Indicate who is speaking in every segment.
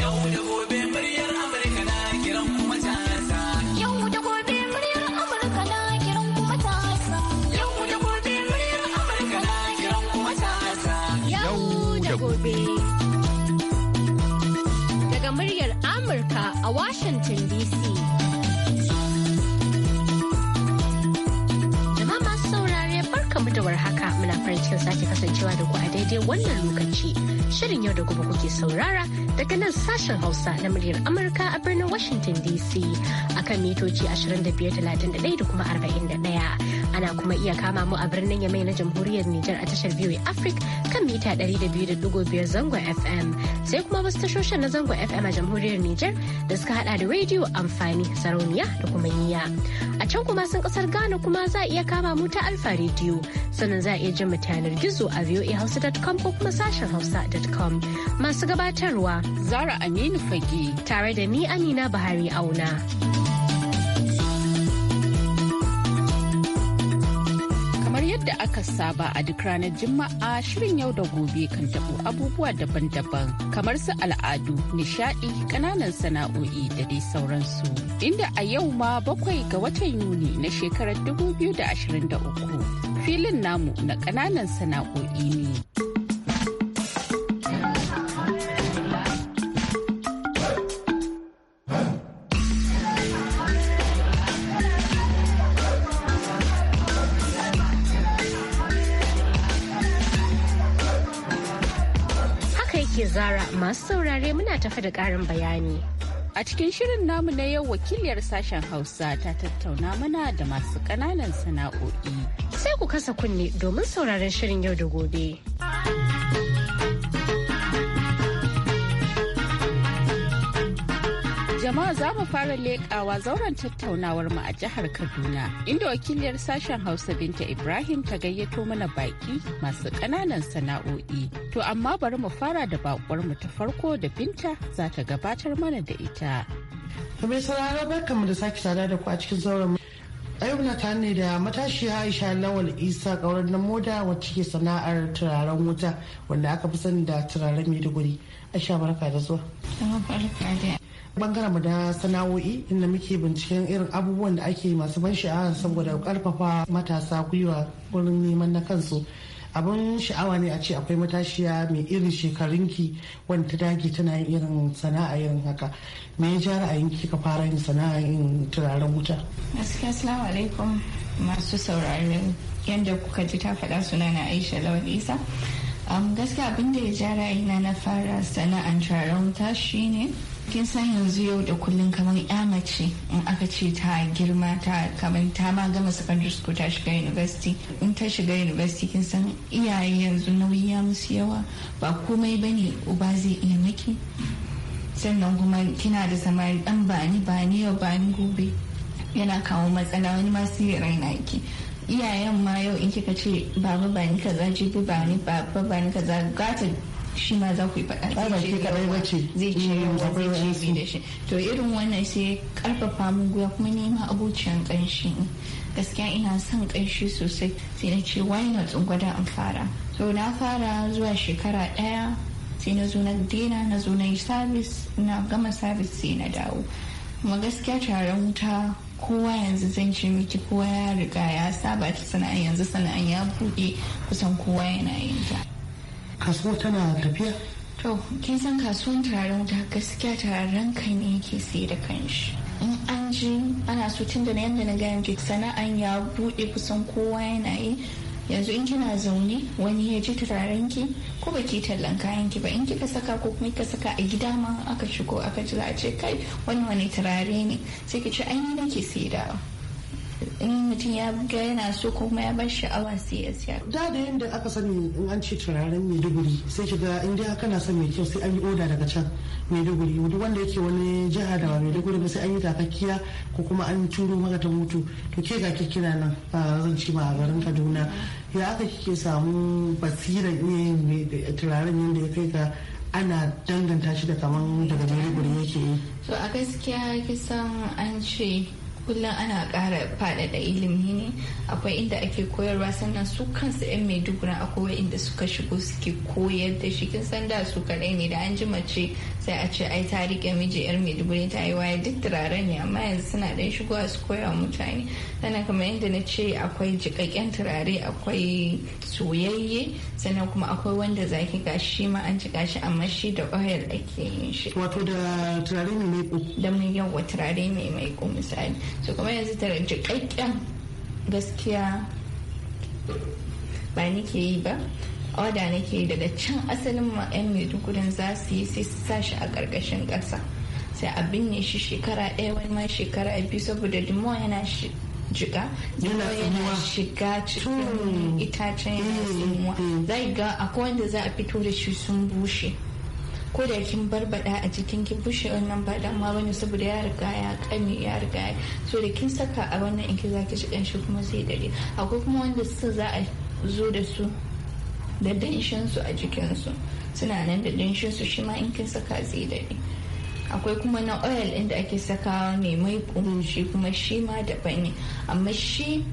Speaker 1: Yau da gobe muryar Amurka na kiran Yau da gobe muryar Amurka na kiran Yau da gobe muryar Amurka na kiran
Speaker 2: Yau da gobe. Daga muryar Amurka a Washington DC. Jama'a masu saurare barkamu da warhaka muna farin cikin sake kasancewa da ku a daidai wannan lokaci. Shirin yau da gobe kuke saurara daga nan sashen Hausa na muryar Amurka a birnin Washington DC akan mitoci 2531 da kuma 41. Ana kuma iya kama mu a birnin Yamai na Jamhuriyar Nijar a tashar biyu Africa kan mita 200.5 zango FM. Sai kuma wasu tashoshin na zango FM a Jamhuriyar Nijar da suka hada da rediyo amfani sarauniya da kuma yiya. A can kuma sun kasar Ghana kuma za a iya kama mu ta Alfa Radio sannan za a iya jin mutanen gizo a voahausa.com ko kuma sashen hausa.com. Masu gabatarwa Zara Aminu Fage tare da ni Amina Buhari Auna. aka saba
Speaker 3: a duk ranar Juma'a shirin yau da gobe kan tabo abubuwa daban-daban kamar su al'adu, nishadi, kananan sana'o'i da dai sauransu. Inda a yau ma bakwai ga watan Yuni na shekarar 2023 filin namu na kananan sana'o'i ne.
Speaker 2: Masu saurare muna tafi da ƙarin bayani. A cikin shirin namu na yau wakiliyar sashen Hausa
Speaker 3: ta tattauna mana da masu ƙananan sana'o'i. Sai ku kasa kunne domin
Speaker 2: sauraron shirin yau da gobe. jama'a
Speaker 3: za mu fara leƙawa zauren tattaunawar mu a jihar Kaduna inda wakiliyar sashen Hausa Binta Ibrahim ta gayyato mana baki masu ƙananan sana'o'i. To amma bari mu fara da bakwar mu ta farko da Binta za ta gabatar mana da ita. Mai sauraro mu da sake sada da
Speaker 4: ku a cikin zauren na ta ne da matashi aisha lawal isa kauran na moda wacce ke sana'ar turaren wuta wanda aka fi sani da turaren maiduguri aisha barka da
Speaker 1: zuwa
Speaker 4: bangaren mu da sana'o'i inda muke binciken irin abubuwan da ake masu ban sha'awa saboda karfafa matasa gwiwa wurin neman na kansu abin sha'awa ne a ce akwai matashiya mai irin shekarunki wanda ta dage tana yin irin sana'a irin haka me ya ja ra'ayinki ka fara yin sana'a yin turaren wuta
Speaker 5: gaskiya assalamu alaikum masu sauraron yadda kuka ji ta faɗa suna na aisha lawal isa gaskiya abin da ya ja ra'ayina na fara sana'an turaren wuta shine kin san yanzu yau da kullum kamar ya mace in aka ce ta girma ta kamar ta ma gama secondary school ta shiga university in ta shiga university kin san iyaye yanzu nauyi ya musu yawa ba komai bane uba zai iya maki sannan kuma kina da samari dan bani bani yau bani gobe yana kawo matsala wani ma yi raina ki iyayen ma yau in kika ce baba bani kaza jibi bani baba bani kaza gata shi ma za ku yi faɗa zai ce zai ce zai ce da shi to irin wannan sai karfafa mun guya kuma nema abociyan kanshi gaskiya ina son kanshi sosai sai na ce why not in gwada in fara to na fara zuwa shekara ɗaya sai na zo na dena na zo na yi sabis na gama sabis sai na dawo kuma gaskiya taron wuta kowa yanzu zan ce miki kowa ya riga ya saba ta sana'a yanzu sana'a ya buɗe kusan kowa yana yin ta kasuwa tana tafiya to kin san kasuwan turaren wuta gaskiya turaren kai ne ke sai da kanshi in an ji ana so tun da yadda na gaya ke sana'an ya buɗe kusan kowa yana yi yanzu in kina zaune wani ya ji turaren ki ko ba ki tallan kayan ki ba in kika saka ko kuma kika saka a gida ma aka shigo aka ji a ce kai wani wani turare ne sai ki ci ai ke nake saidawa in mutum ya ga yana so kuma ya bar sha'awa sai ya siya da da
Speaker 4: yadda aka sani in an ce turaren maiduguri sai kiga in dai na son mai kyau sai an yi oda daga can maiduguri duk wanda yake wani jiha da maiduguri ba sai an yi takakkiya ko kuma an turo maka ta mutu to ke ga kina nan zan ci ma a garin kaduna ya aka kike samu basiran iya turaren yadda ya kai ga ana danganta shi da kaman daga maiduguri yake yi.
Speaker 5: to a gaskiya kisan an ce kullum ana ƙara faɗaɗa ilimi ne akwai inda ake koyarwa sannan su kansu 'yan maiduguri akwai inda suka shigo suke koyar da shi kin san da su kaɗai ne da an ji mace sai a ce ai ta rike miji yar maiduguri ta yi waye duk turaren ne amma yanzu suna dan shigowa su koya wa mutane sannan kamar yadda na ce akwai jikakken turare akwai soyayye sannan kuma akwai wanda zaki ga shi ma an jika shi amma shi da oil ake yin shi wato da turare mai maiko da mun yawa turare mai maiko misali so kuma yanzu tare jikakken gaskiya ba nike yi ba oda nake daga can asalin ma 'yan maidugurin za su yi sai sashi shi a ƙarƙashin ƙasa sai a binne shi shekara ɗaya wani ma shekara biyu saboda limo yana jiga yana shiga cikin hmm. itacen yana hmm. tsinuwa za ga akwai wanda za a fito da shi sun bushe ko da kin barbada a jikin ki bushe wannan ba da ma wani saboda ya riga ya kame ya riga ya so da kin saka a wannan in ki zaki ci kuma sai dare akwai kuma wanda su za a zo da su da danshinsu a jikinsu suna nan da danshinsu shi ma in kin saka zai akwai kuma na oil ɗin da ake sakawa mai mai kurushi kuma shi ma daban ne amma shi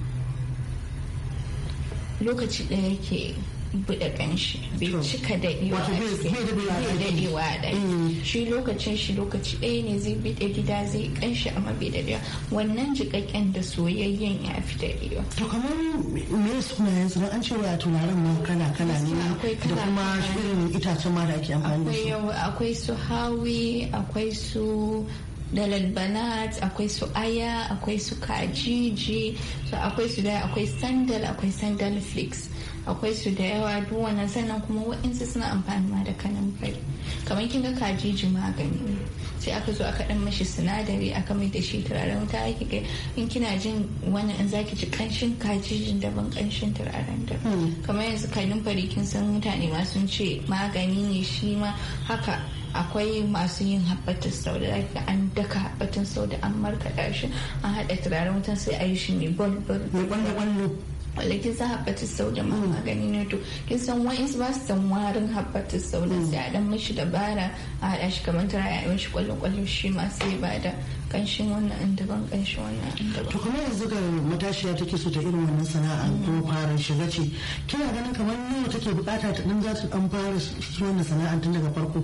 Speaker 5: lokaci ɗaya yake buɗe kanshi bai cika daɗewa a daɗewa a mm. shi lokacin shi lokaci ɗaya ne zai buɗe gida zai kanshi amma bai daɗewa wannan jiƙaƙƙen da soyayyen ya fi daɗewa. to kamar
Speaker 4: me sunayen su an ce wa turaren
Speaker 5: ma kala kala ne da kuma shirin itacen mara ake amfani da su akwai su hawi akwai su dalal banat akwai su aya akwai su kajiji akwai su da akwai sandal akwai sandal flakes akwai su da yawa duk wannan sannan kuma waɗansu suna amfani ma da kananfari kamar kin ga kajiji magani sai aka zo aka dan mashi sinadari aka mai da shi turaren wuta ake ga in kina jin wani in zaki ji kanshin kajijin daban kanshin turaren da hmm. kamar yanzu kananfari kin san mutane ma sun ce magani ne shi ma haka akwai masu yin habbatin sau da ga an daka habbatin sau da an markaɗa shi an haɗa turaren wutan sai a yi shi mai bol bol balle kin san habbatus sauda ma magani ne to kin san wa'insu ba su san warin habbatus sauda sai a dan mishi dabara a haɗa shi kamar tara ya mishi kwallon kwallon shi ma sai ba da kanshin wannan daban kanshin wannan
Speaker 4: daban. To kuma yanzu ga matashiya take so ta irin wannan sana'a ko fara shiga ce kina ganin kamar nawa take bukata ta dan za ta dan fara shi wannan sana'a tun daga farko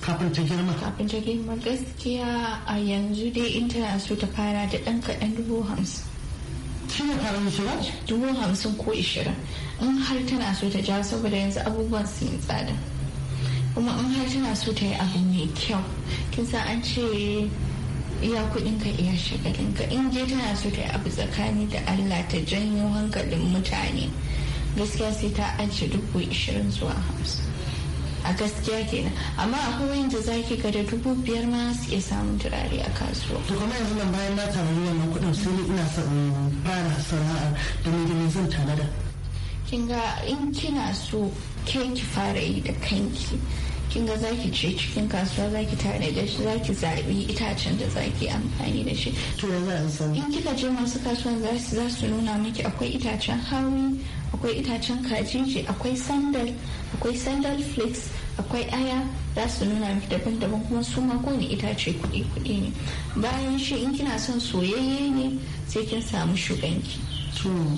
Speaker 4: kafin ta girma.
Speaker 5: Kafin ta girma gaskiya a yanzu dai in tana so ta fara da dan kaɗan dubu hamsin. shi shiga? dubu hamsin ko ishirin in har tana so ta ja saboda yanzu abubuwan sun yi tsada kuma in har tana so ta yi abu mai kyau kin san an ce iya kudin ka iya shagalin ka in je tana so ta yi abu tsakani da allah ta janyo hankalin mutane gaskiya sai ta ajiye dubu ishirin zuwa hamsin a gaskiya kenan amma akwai wanda zaki ga da dubu biyar ma suke samun turare a kasuwa to kuma yanzu nan bayan na samu wannan kuɗin sai
Speaker 4: ina son fara sana'a da mai zan da.
Speaker 5: kin ga in kina so kai ki fara yi da kanki kin ga zaki ce cikin kasuwa zaki tare da shi zaki zaɓi itacen da zaki amfani da shi to in kika je masu kasuwa za su nuna miki akwai itacen hawi akwai itacen kajiji akwai sandal akwai sandal flakes akwai aya za su nuna daban-daban kuma su ma kowane itace kuɗi-kuɗi ne bayan shi in kina son soyayye ne sai kin samu shuganki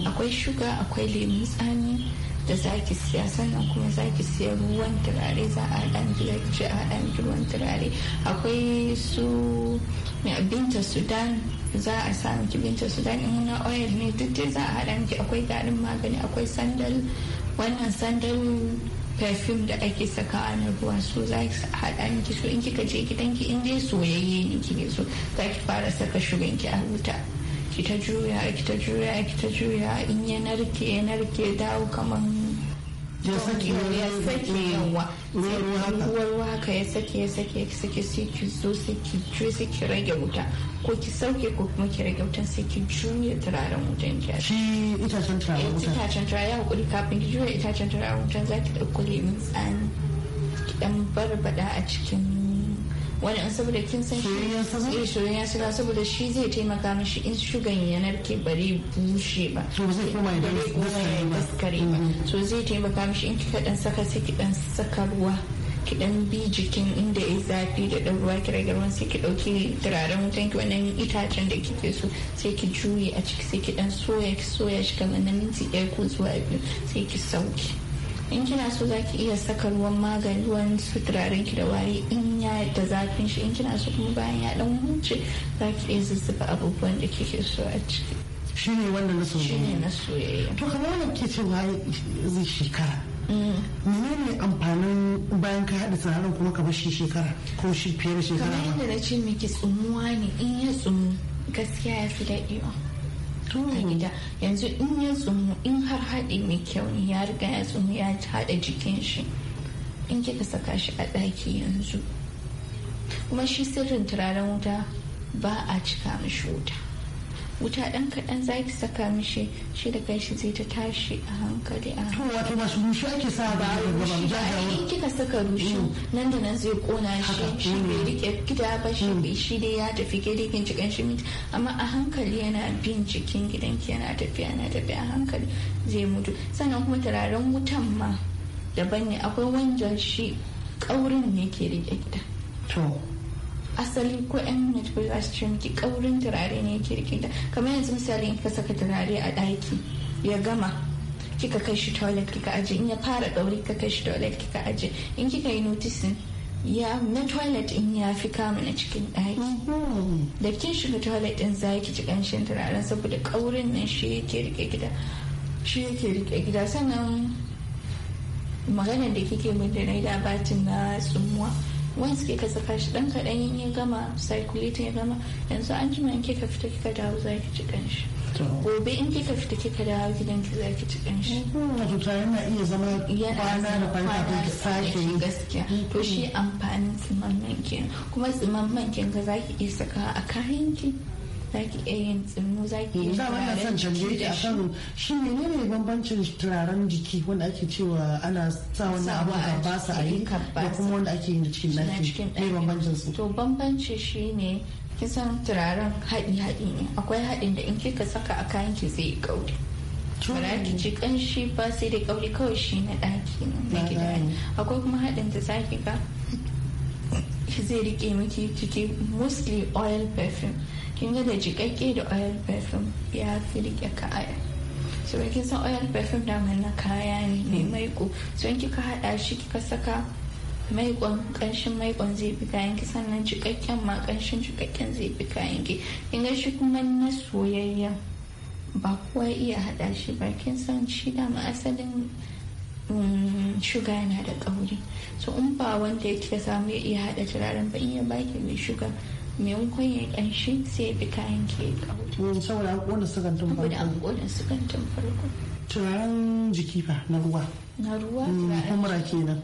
Speaker 5: akwai shuga akwai lemun tsami da zaki siya sannan kuma zaki siya ruwan turare za a haɗa miki a haɗa ruwan turare akwai su binta sudan za a samu binta sudan in na oil ne duk za a haɗa miki akwai garin magani akwai sandal wannan sandal perfume da ake sakawa na ruwa su za ki haɗa miki su in kika je gidanki in dai soyayye ne ne so za ki fara saka shugan ki a wuta ki ta juya ki ta juya ki ta juya in ya narke ya narke dawo kaman ya sake ruwa haka ya saki ya sake ya sake sai ki zo sai ki juye sai ki rage wuta ko ki sauke ko kuma ki rage wutan sai ki juya turaren wutan ki shi itacen turaren eh, wutan itacen turaren ya hakuri kafin ki juye itacen turaren wutan za ki ɗauko lemun tsani ki ɗan barbada a cikin wani an saboda kin san shi shirin ya shiga saboda shi zai taimaka mishi in shugan ya narke bare bushe ba to zai koma ya daskare ba mm-hmm. to zai taimaka mishi in kika dan saka sai ki dan saka ruwa ki dan bi jikin inda ya zafi da dan ruwa ki rage ruwan sai ki dauki turaren wutan ki wannan itacen da kike so sai ki juye a ciki sai ki dan soya ki soya shi kamar na minti ɗaya ko zuwa biyu sai ki sauke in kina so za ki iya saka ruwan magani ruwan suturarin ki da wari in ya da zafin shi in kina so kuma bayan ya dan huce za ki iya zuzzuba abubuwan da kike so a ciki
Speaker 4: shi ne wanda na soyayya shi ne na soyayya to kamar wanda ke cewa zai shekara mm. ne amfanin bayan ka haɗa tsarin kuma ka bashi shekara ko shi fiye da shekara kamar yadda
Speaker 5: na ce miki tsumuwa ne in ya tsumu gaskiya ya fi daɗewa tuna gida yanzu in ya tsumu in har haɗe mai kyau ne ya riga ya tsumu ya haɗa jikin shi in kika saka shi a ɗaki yanzu kuma shi sirrin turaren wuta ba a cika mashi wuta wuta dan kaɗan zaki saka mishi shi da kai shi zai ta tashi a hankali a hankali. wato masu rushi ake sa ba a rushi ba in kika saka rushi mm. nan da nan zai kona shi shi bai mm. rike gida ba shi mm. bai shi dai ya tafi gidi kin cikin shi amma a hankali yana bin cikin gidanki yana tafiya yana tafiya a hankali zai mutu sannan kuma turaren wutan ma daban ne akwai wanda shi kaurin ne ke rike gida. asali ko yan minute ko su ce kaurin turare ne yake rike da kamar yanzu misali in ka saka turare a ɗaki ya gama kika kai shi toilet kika aje in ya fara kauri ka kai shi toilet kika aje in kika yi noticing ya na toilet in ya fi kama na cikin ɗaki da kin shiga toilet din za ki ci kanshin turaren saboda kaurin nan shi yake rike gida shi yake rike gida sannan maganar da kike mun da na yi da batun na tsumuwa wani suke ka saka shi dan kaɗan yin ya gama circulating ya gama yanzu an jima in kika fita kika dawo za ki ci kanshi gobe in kika fita kika dawo gidan ki za ki ci kanshi wato na iya zama kwana da kwana gaskiya to shi amfanin tsimman kenan kuma tsimman kin ga za ki iya saka a kayan ki zaki iya yin tsinno zaki iya dama ina son canje a kan
Speaker 4: shi ne ne bambancin turaren jiki wanda ake
Speaker 5: cewa ana sa wani abu a basa a yi da kuma wanda ake yin cikin lafi ne bambancin su to bambanci shi ne kisan turaren haɗi haɗi ne akwai haɗin da in kika saka a kayan ki zai kauri ba ki ji kanshi ba sai da kauri kawai shi na ɗaki na gida akwai kuma haɗin da zaki ga zai rike miki ciki mostly oil perfume kin ga da jikakke da oil perfume ya fi rike kaya so kin san oil perfume da na kaya ne mai maiko so in kika hada shi kika saka maikon kanshin maikon zai fi kayan ki sannan jikakken ma kanshin jikakken zai fi kayan ki kin ga shi kuma na soyayya ba kowa iya hada shi ba kin san shi dama asalin mm, shuga yana da kauri so in ba wanda yake samu ya iya hada turaren ba iya baki mai shuga maimakon ya ƙanshi sai fi kayan ke ƙauri. saboda an ƙona sukan tun farko. saboda an ƙona sukan tun farko. turaren jiki ba na ruwa. na ruwa mm, humra kenan.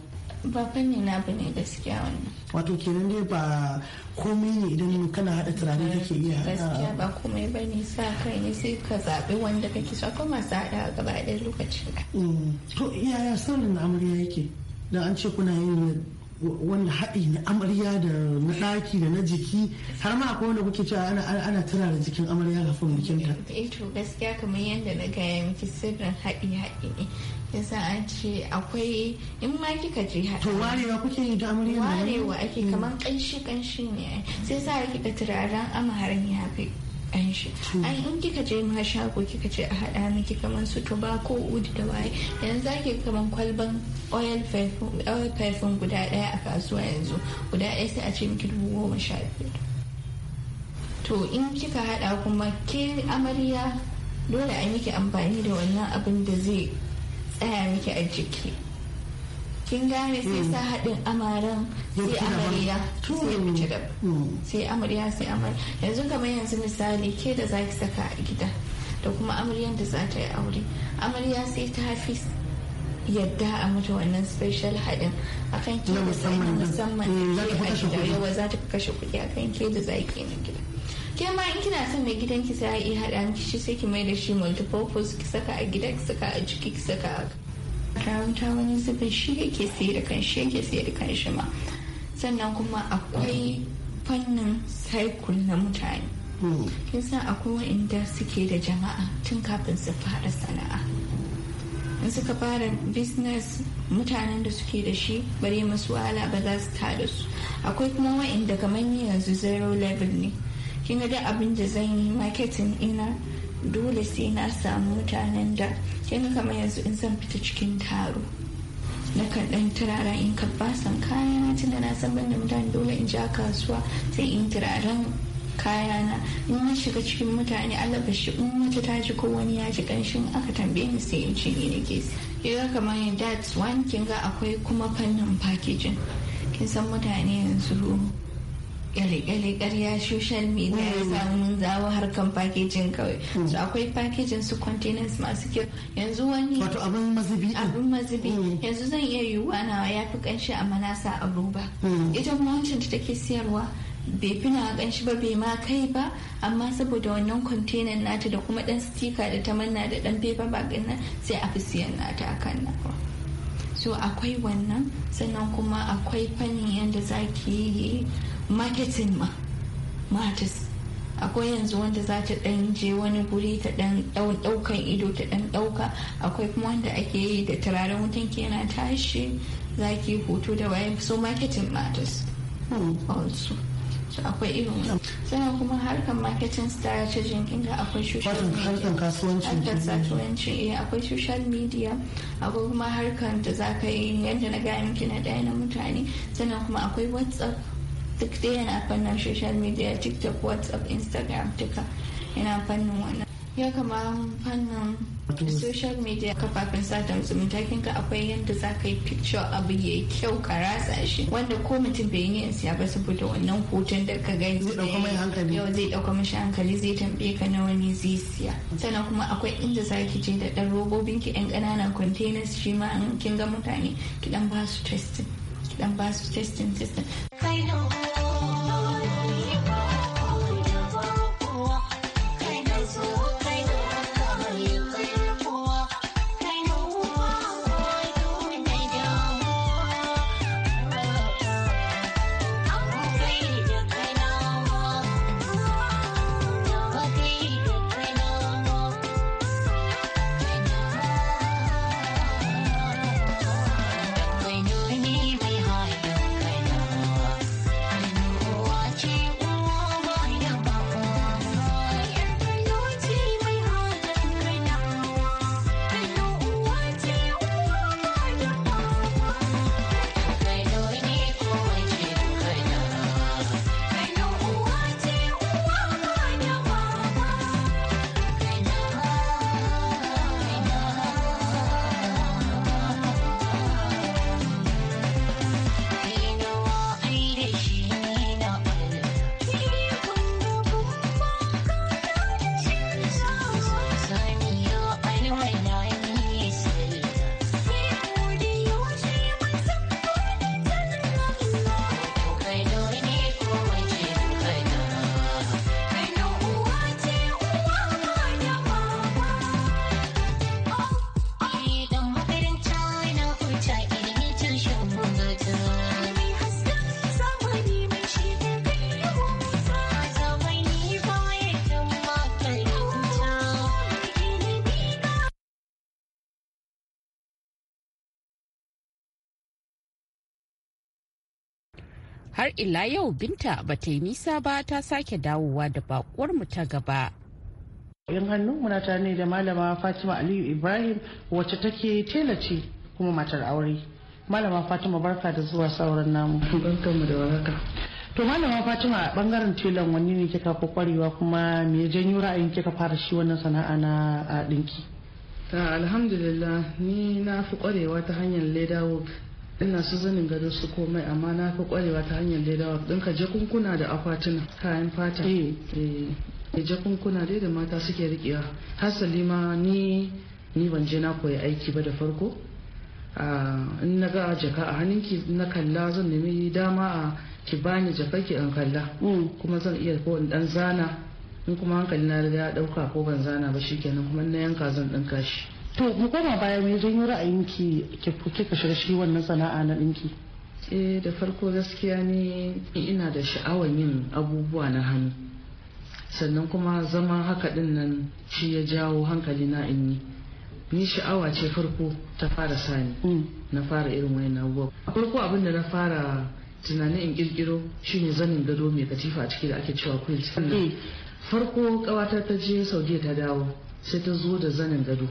Speaker 5: ba fanni na ba ne gaskiya wannan.
Speaker 4: wato kenan dai ba komai ne idan kana haɗa turare kake iya haɗa. gaskiya ba komai
Speaker 5: ba ne sa kai ne sai ka zaɓi wanda kake so akwai masu haɗa gaba ɗaya lokaci. Mm. to yaya
Speaker 4: saurin na amarya yake. da an ce kuna yin wanda haɗi na amarya da na ɗaki da na jiki har ma akwai wanda kuke cewa ana ana da jikin amarya kafin bikinta.
Speaker 5: Eh to gaskiya kamar yadda na gaya miki sirrin haɗi haɗi ne. yasa an ce akwai in ma kika je haɗa. To warewa kuke yi da amarya Warewa ake kamar ƙanshi ƙanshi ne sai sa kika turaren amaharin ya fi ɗan shi an in kika je ma shago kika ce a haɗa miki kamar su tobacco wood da waye yanzu zaki kamar kwalban oil perfume guda ɗaya a kasuwa yanzu guda ɗaya sai a ce miki dubu goma sha biyar to in kika haɗa kuma ke amarya dole a miki amfani da wannan abin da zai tsaya miki a jiki kin gane sai mm. sa haɗin amaran sai amarya sai ci gaba mm. sai amarya sai amarya yanzu kamar yanzu misali ke da zaki saka a gida da kuma amaryan da za ta yi aure amarya sai ta hafi yadda a mata wannan special haɗin akan ke da sai musamman mm, a gida yawa za ta kashe kuɗi akan ke da ki na gida ke ma in kina son mai gidanki sai a iya haɗa miki shi sai ki mai da shi multipurpose ki saka a gida ki saka a jiki ki saka a wuta wani zubin shi yake sai da kan shi yake sai da kan shi ma sannan kuma akwai fannin cycle na mutane hmm. kin san akwai wa'inda suke da jama'a tun kafin su fara sana'a in suka fara business mutanen da suke da shi bare masu wahala ba za su tada su akwai kuma wa'inda kamar ni yanzu zero level ne kin ga da abin da zan yi marketing ina dole sai na samu mutanen da kin kama yanzu in zan fita cikin taro na kan dan turara in ka basan kaya na tunda na san banda mutane dole in ja kasuwa sai in turaren kaya na in na shiga cikin mutane alabashi in wata ta ji ko wani ya ji kanshin aka tambaye ni sai in ce ni nake kama kamar that's one kinga akwai kuma fannin packaging kin san mutane yanzu ƙyale karya social media ya samu mun zawo harkan packaging kawai mm. so akwai packaging su containers masu kyau yanzu wani wato abin mazubi abin mazubi mm. yanzu zan iya yiwuwa nawa ya fi kanshi a manasa a roba mm. ita kuma wancan da take siyarwa bai fi na kanshi ba bai ma kai ba amma saboda wannan kwantenan nata da kuma dan sticker da ta manna da dan paper bag nan sai a fi siyan nata akan nan so akwai wannan sannan kuma akwai fannin yadda zaki yi marketing ma matis akwai yanzu wanda za ta dan je wani guri ta dan daukan ido ta dan dauka akwai kuma wanda ake yi da turaren wutan ke yana tashi za ki hoto da waye so marketing matters hmm. also so akwai irin sannan kuma harkar marketing strategy kinga akwai social media harkar kasuwanci eh, akwai social media akwai kuma harkar da za ka yi yadda na gaya miki na daya na mutane sannan kuma akwai whatsapp duk dai yana fannin social media tiktok whatsapp instagram duka yana fannin wannan ya kama fannin social media kafafen sata zumunta kin ga akwai yadda za ka yi picture abu ya kyau ka ratsa eh, shi wanda ko mutum bai yi ya ba saboda wannan hoton da ka gani zai dauka mai hankali yau zai dauka mashi hankali zai tambaye ka na wani zai siya sannan kuma akwai eh, inda za ki je da dan robobin ki yan kananan containers shi ma kin ga mutane ki dan ba su testing dan ba su testin testin
Speaker 3: har ila yau binta ba ta yi nisa ba ta sake dawowa da bakuwar mu ta gaba yan hannu muna ta ne da malama fatima aliyu ibrahim wacce take tela ce kuma matar
Speaker 4: aure malama fatima barka da zuwa sauran namu barkanmu da waraka to malama fatima a bangaren telan wani ne kika fi kwarewa kuma me ya janyo ra'ayin kika fara shi wannan sana'a na dinki ah, alhamdulillah ni na fi kwarewa ta hanyar
Speaker 6: leda work ina su zanin gado su komai amma na fi kwarewa ta hanyar dawa don ka je kunkuna da akwatuna kayan fata eh. Eh, jakunkuna dai da mata suke rikewa hasali ma ni ni ban je na koyi aiki ba da farko ah, in na ga jaka a hannunki na kalla zan nemi dama a ki bani jaka ki an kalla mm. kuma zan iya ko in dan zana in kuma hankali na ya dauka ko ban zana ba shi shikenan kuma na yanka zan dinka shi to mu koma baya me ra'ayin ra'ayinki kika shiga shi wannan sana'a na ɗinki eh da farko gaskiya ne ina da sha'awar yin abubuwa na hannu sannan kuma zama haka din nan shi ya jawo hankali na in yi ni sha'awa ce farko ta fara sani mm. na fara irin wayan abubuwa farko abin da na fara tunanin in kirkiro shine zanin gado mai katifa a ciki da ake cewa quilt mm. farko kawatar ta je saudiya ta dawo sai ta zo da zanin gado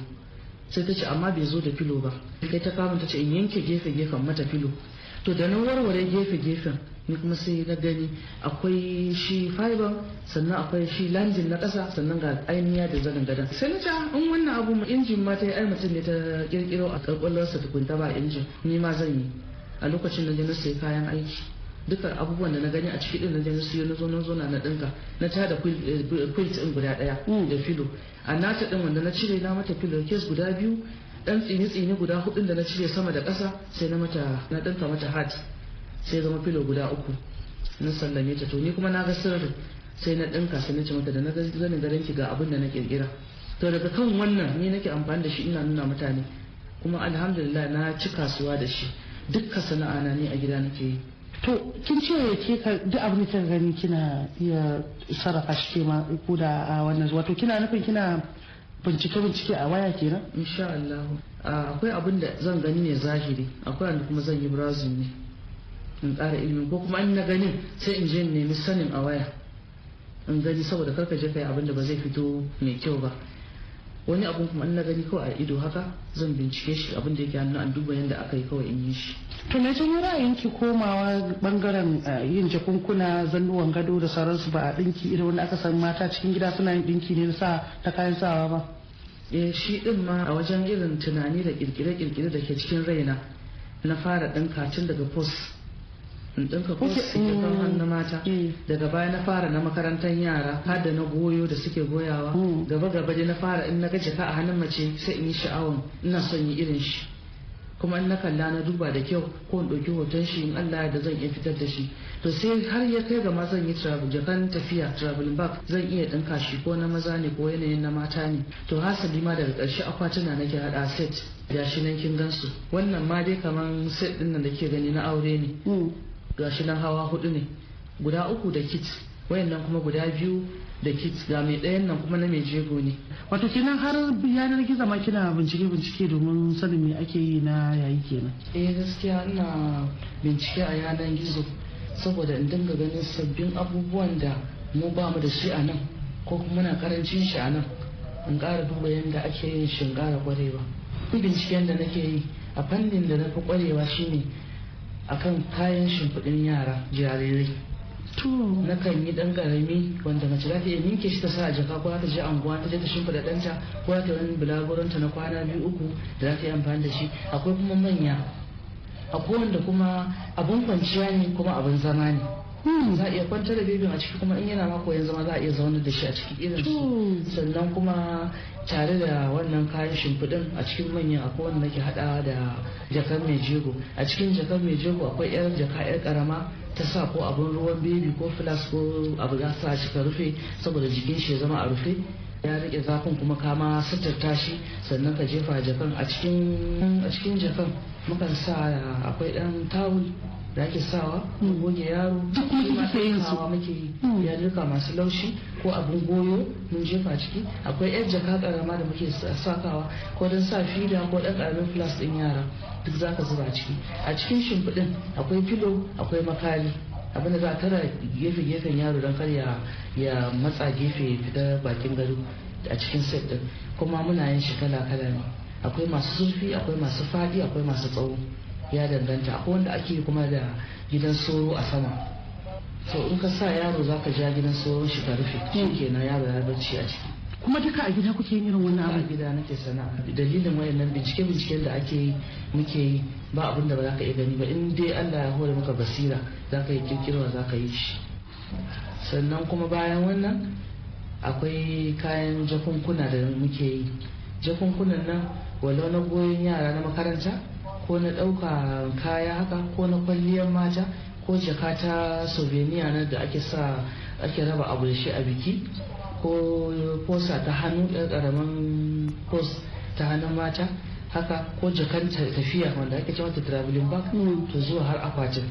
Speaker 6: sai ta ce amma bai zo da filo ba sai ta kama ta ce in yanke gefe gefen mata filo to da na warware gefe gefen ni kuma sai na gani akwai shi fiber sannan akwai shi landin na ƙasa sannan ga ainiya da zanen gadon sai na ta ah, in wannan abu mu injin ma ta yi ai mutum ne ta kirkiro a ƙarƙwallonsa tukunta ba injin ni ma zan yi a lokacin da na sai kayan aiki dukkan abubuwan da na gani a ciki ɗin na je siyo na zo na zo na na dinka na eh, din guda ɗaya mm. da filo a nata ɗin wanda na cire na mata filo kes guda biyu ɗan tsini tsini guda huɗun da na cire sama da ƙasa sai na mata na ɗinka mata hat sai zama filo guda uku na sallame ta to ni kuma na ga sirrin sai na ɗinka sai na ci mata da na ga garin ki ga abin da na ƙirƙira. to daga kan wannan ni nake amfani da shi ina nuna mutane kuma alhamdulillah na ci kasuwa da shi duka sana'a na ni a gida nake yi
Speaker 4: to kin ce ke ka duk abin da gani kina iya sarrafa shi ma ko da a wannan wato kina nufin kina bincike bincike a waya kenan insha Allah akwai abin da zan gani ne
Speaker 6: zahiri akwai wanda kuma zan yi brazil ne in ƙara ilimin ko kuma in na gani sai in je in nemi sanin a waya in gani saboda karka je kai abin da ba zai fito mai kyau ba wani abun kuma na gani kawai a ido haka zan bincike shi abin da yake hannu an duba yadda aka yi kawai in yi shi
Speaker 4: to na jin ra'ayin ki komawa bangaren eh, yin jakunkuna zannuwan gado da sauransu ba a dinki idan wani aka san mata cikin gida suna yin dinki ne na sa ta kayan sawa ba eh shi din ma a wajen irin tunani da kirkire-kirkire da ke cikin raina
Speaker 6: na fara ɗinka tun daga post in dinka kan mm, hannu mata mm. daga baya na fara na makarantar yara har da na goyo da suke goyawa mm. gaba gaba dai na fara in na ga jaka a hannun mace sai in yi sha'awan ina son yi irin shi kuma in na kalla na duba da kyau ko in ɗauki hoton shi in Allah ya da zan iya fitar da shi to sai har ya kai ga ma zan yi travel jakan tafiya travel back zan iya ɗinka shi ko na maza ne ko yanayin na mata ne to hasali ma daga ƙarshe akwatuna nake haɗa set ya shi nan kin gansu wannan ma dai kaman set ɗin nan da ke gani na aure ne gashi nan hawa hudu ne guda uku da kit wayannan kuma guda biyu da kit ga mai ɗayan nan kuma na mai jego ne
Speaker 4: wato kenan har yanar gizo ma kina bincike bincike domin sanin me ake yi na yayi kenan eh gaskiya ina bincike a yanar gizo saboda in dinga ganin
Speaker 6: sabbin abubuwan da mu ba mu da shi a nan ko kuma muna karancin shi a nan in ƙara duba yadda ake yin shi in ƙara ƙwarewa binciken da nake yi a fannin da na fi kwarewa shine akan kayan shimfiɗin yara jarirai na kan yi ɗan ƙarami wanda mace za ta iya ninke shi ta sa a jaka ko ta je unguwa ta je ta shimfiɗa ɗanta ko ta wani bulagurinta na kwana biyu uku da za ta yi amfani da shi akwai kuma manya akwai wanda kuma abin kwanciya ne kuma abin zama ne Hmm. za a iya kwantar da bebin a ciki kuma in yana mako yanzu ma za a iya zaunar da shi a cikin irin su hmm. sannan kuma tare da wannan kayan shimfiɗin a cikin manyan akwai wanda ke hada da jakar mai jego a cikin jakar mai jego akwai yar jaka yar karama ta sa ko abin ruwan bebi ko filas ko abu za sa shi rufe saboda jikin shi ya zama a rufe ya rike zafin kuma kama suturta shi sannan ka jefa jakan a cikin jakan mukan sa akwai dan tawul da ake sawa hmm. goge yaro kuma muke yi hmm. ya duka masu laushi ko abin goyo mun jefa ciki akwai yar jaka karama da muke sakawa ko don sa fida ko dan karamin flas din yara duk zaka zuba ciki a cikin shimfiɗin akwai filo akwai makali abinda za a tara gefe gefen yaro don kar ya matsa gefe fitar bakin gado a cikin set din kuma muna yin shi kala kala ne akwai masu zurfi akwai masu faɗi akwai masu tsawo ya danganta akwai wanda ake kuma da gidan soro a sama so in ka sa yaro za ka ja gidan soro shi ka rufe shi kenan yaro ya bacci a ciki
Speaker 4: kuma duka a gida kuke yin irin wannan a gida
Speaker 6: nake sana'a dalilin wayannan bincike binciken da ake yi muke yi ba abin da ba za ka iya gani ba in dai Allah ya hore maka basira za ka yi kirkirwa za ka yi shi sannan kuma bayan wannan akwai kayan jakunkuna da muke yi jakunkunan nan walau na goyon yara na makaranta ko na ɗauka kaya haka ko na kwalliyar mata ko jaka ta souvenir na da ake sa ake raba abu da shi a biki ko posa ta hannu ɗan ƙaramin pos ta hannun mata haka ko jakan tafiya wanda ake cewa ta traveling bag to zuwa har akwatin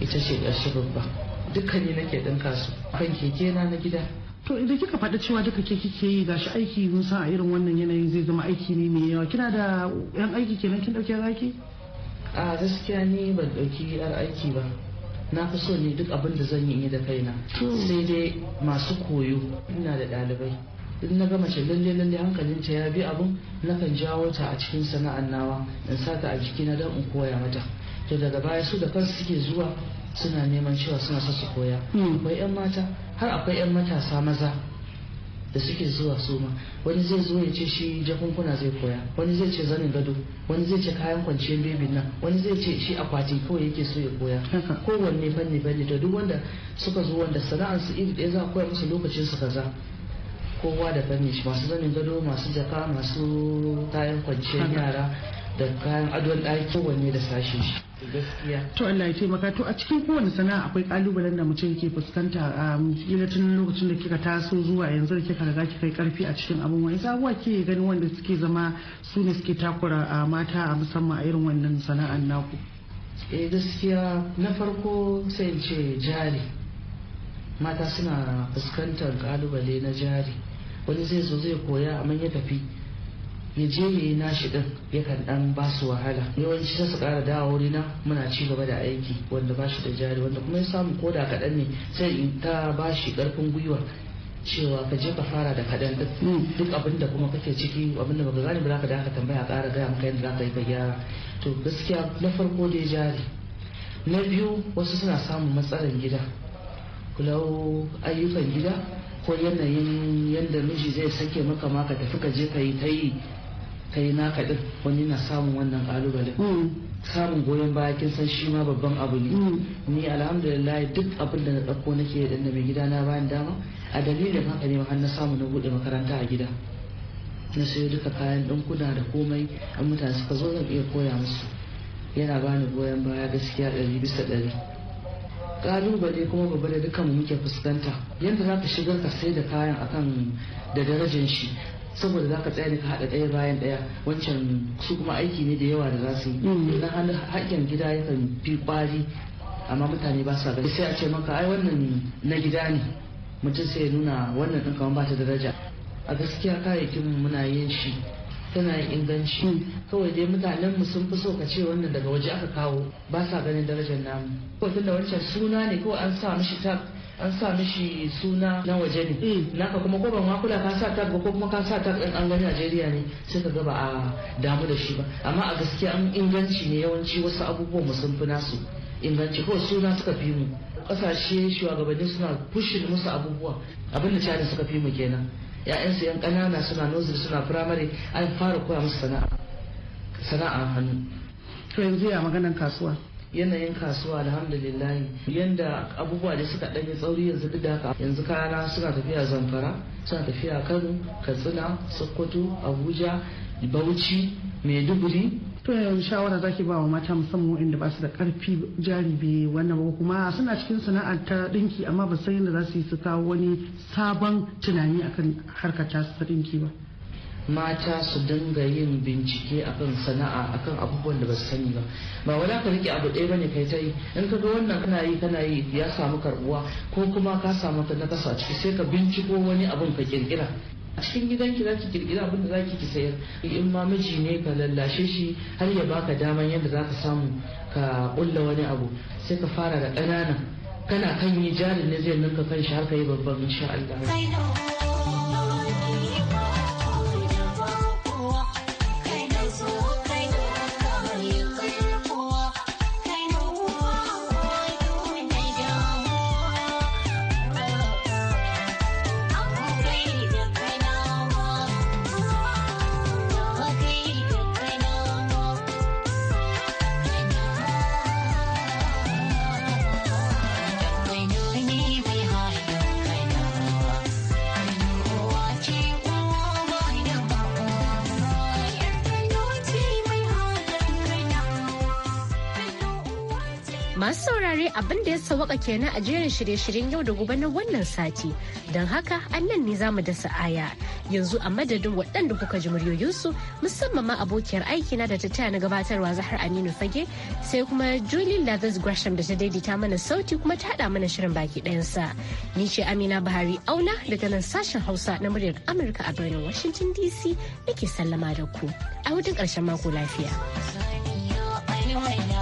Speaker 6: ita ce ƙarshe babba dukkan na nake
Speaker 4: ɗinka kasu kan keke na na gida to idan kika faɗa cewa duka ke kike yi gashi aiki mun san a irin wannan yanayin zai zama aiki ne mai yawa kina da yan aiki kenan kin dauke aiki
Speaker 6: a gaskiya ne ban ɗauki yar aiki ba na fi so ne duk abin da zan yi da kaina sai dai masu koyo ina da ɗalibai in na ga mace lalle lalle hankalin ta ya bi abun kan jawo ta a cikin sana'an nawa in sa ta a na don in koya mata to daga baya su da kansu suke zuwa suna neman cewa suna so su koya hmm. akwai yan mata har akwai yan matasa maza da suke zuwa su ma wani zai zo ya ce shi jakunkuna zai koya wani zai ce zanin gado wani zai ce kayan kwanciyar bebin nan wani zai ce shi akwati kawai yake so ya koya kowanne fanni fanni to duk wanda suka zo wanda sana'an su iri ɗaya za a koya musu lokacin su kaza kowa da fanni shi masu zanin gado masu jaka masu kayan kwanciyar yara da kayan adon ɗaki kowanne da sashen shi gaskiya
Speaker 4: to Allah ya taimaka to a cikin kowane sana'a akwai kalubalen da mutum yake fuskanta um, a tun lokacin da kika taso zuwa yanzu da kika riga kika karfi a cikin abin wani sabuwa ke ganin wanda suke zama su ne suke takura a uh, mata a musamman a irin wannan sana'an naku eh gaskiya na farko sai ce jari
Speaker 6: mata suna fuskantar kalubale na jari wani zai zo zai koya amma ya tafi ya je ya yi nashi din yakan dan ba su wahala yawanci sai su kara dawo na muna ci gaba da aiki wanda ba shi da jari wanda kuma ya samu koda kaɗan ne sai in ta ba shi ƙarfin gwiwa cewa ka je ka fara da kadan hmm. duk abin da kuma kake ciki abin da baka gane ba za ka da tambaya ƙara gaya maka yadda za ka yi ka gyara to gaskiya na farko dai jari na biyu wasu suna samun matsalar gida kulau ayyukan gida ko yanayin yadda miji zai sake maka ma ka tafi ka je ka yi ta yi kai na kaɗi wani na samun wannan ƙalubale mm. samun goyon baya kin san shi ma babban abu ne mm. ni alhamdulillah duk abin da na dauko nake da mai gida na bayan dama a dalilin haka ne har na samu na buɗe makaranta a gida na sayo duka kayan ɗan kuna da komai an mutane suka zo zan iya koya musu yana bani goyon baya gaskiya ɗari bisa ɗari ƙalubale kuma babba da dukkan muke fuskanta yadda za ka shigar ka sai da kayan akan da darajar shi saboda zaka tsaya ne ka haɗa ɗaya bayan ɗaya wancan su kuma aiki ne da yawa da za su yi mm. dan hannun haƙƙin gida yakan fi ƙwari amma mutane ba sa gani sai a ce maka ai wannan na gida ne mutum sai ya nuna wannan ɗin kamar ba ta daraja a gaskiya kayayyakin muna yin shi tana yin inganci mm. kawai dai mutanen mu sun fi so ka ce wannan daga waje aka kawo ba sa ganin darajar namu ko tunda wancan suna ne kawai an sa mishi tag an sa mishi suna na waje ne mm. naka kuma ko ban ka sa tag ko kuma ka sa tag din an gani Najeriya ne sai ka ga ba a damu da shi ba amma a gaskiya an inganci ne yawanci wasu abubuwan mu sun fi nasu inganci ko suna suka fi mu kasashe shugabanni suna pushin musu abubuwa abin da cani suka fi mu kenan ya'yansu yan ƙanana suna nozir suna firamare an fara koya musu sana'a sana'a hannu to yanzu ya maganan kasuwa yanayin kasuwa alhamdulillahi yanda abubuwa da suka ɗanyi tsauri yanzu duk da haka yanzu kayana suna tafiya zamfara suna tafiya kano katsina
Speaker 4: sokoto abuja bauchi maiduguri to yanzu shawara zaki ba wa mata musamman inda ba su da karfi jari wannan ba kuma suna cikin sana'ar ta dinki amma ba san yadda za su yi su kawo wani sabon tunani akan harkar ta dinki ba
Speaker 6: mata su dinga yin bincike akan sana'a akan abubuwan da ba su sani ba ba wala ka rike abu ɗaya bane kai ta yi in ka ga wannan kana yi kana yi ya samu karbuwa ko kuma ka samu ta nakasa ciki sai ka binciko wani abun ka kirkira a cikin gidanki za ki kirkira abin da za ki sayar in ma miji ne ka lallashe shi har ya baka daman yadda za ka samu ka ƙulla wani abu sai ka fara da ƙananan kana kan yi jarin ne zai ninka kan shi har ka yi babban insha
Speaker 1: Allah
Speaker 2: Masu saurare abin da ya sawaka kenan a jerin shirye-shiryen yau da gobe na wannan sati. Don haka an nan ne zamu da aya Yanzu a madadin waɗanda kuka ji muryoyinsu musamman ma abokiyar na da ta taya na gabatarwa Zahar Aminu Fage sai kuma Julie Lathers Gresham da ta daidaita mana sauti kuma ta haɗa mana shirin baki ɗayansa. Ni ce Amina Buhari Auna daga nan sashen Hausa na muryar Amurka a birnin Washington DC nake sallama da ku. A hutun ƙarshen mako
Speaker 1: lafiya.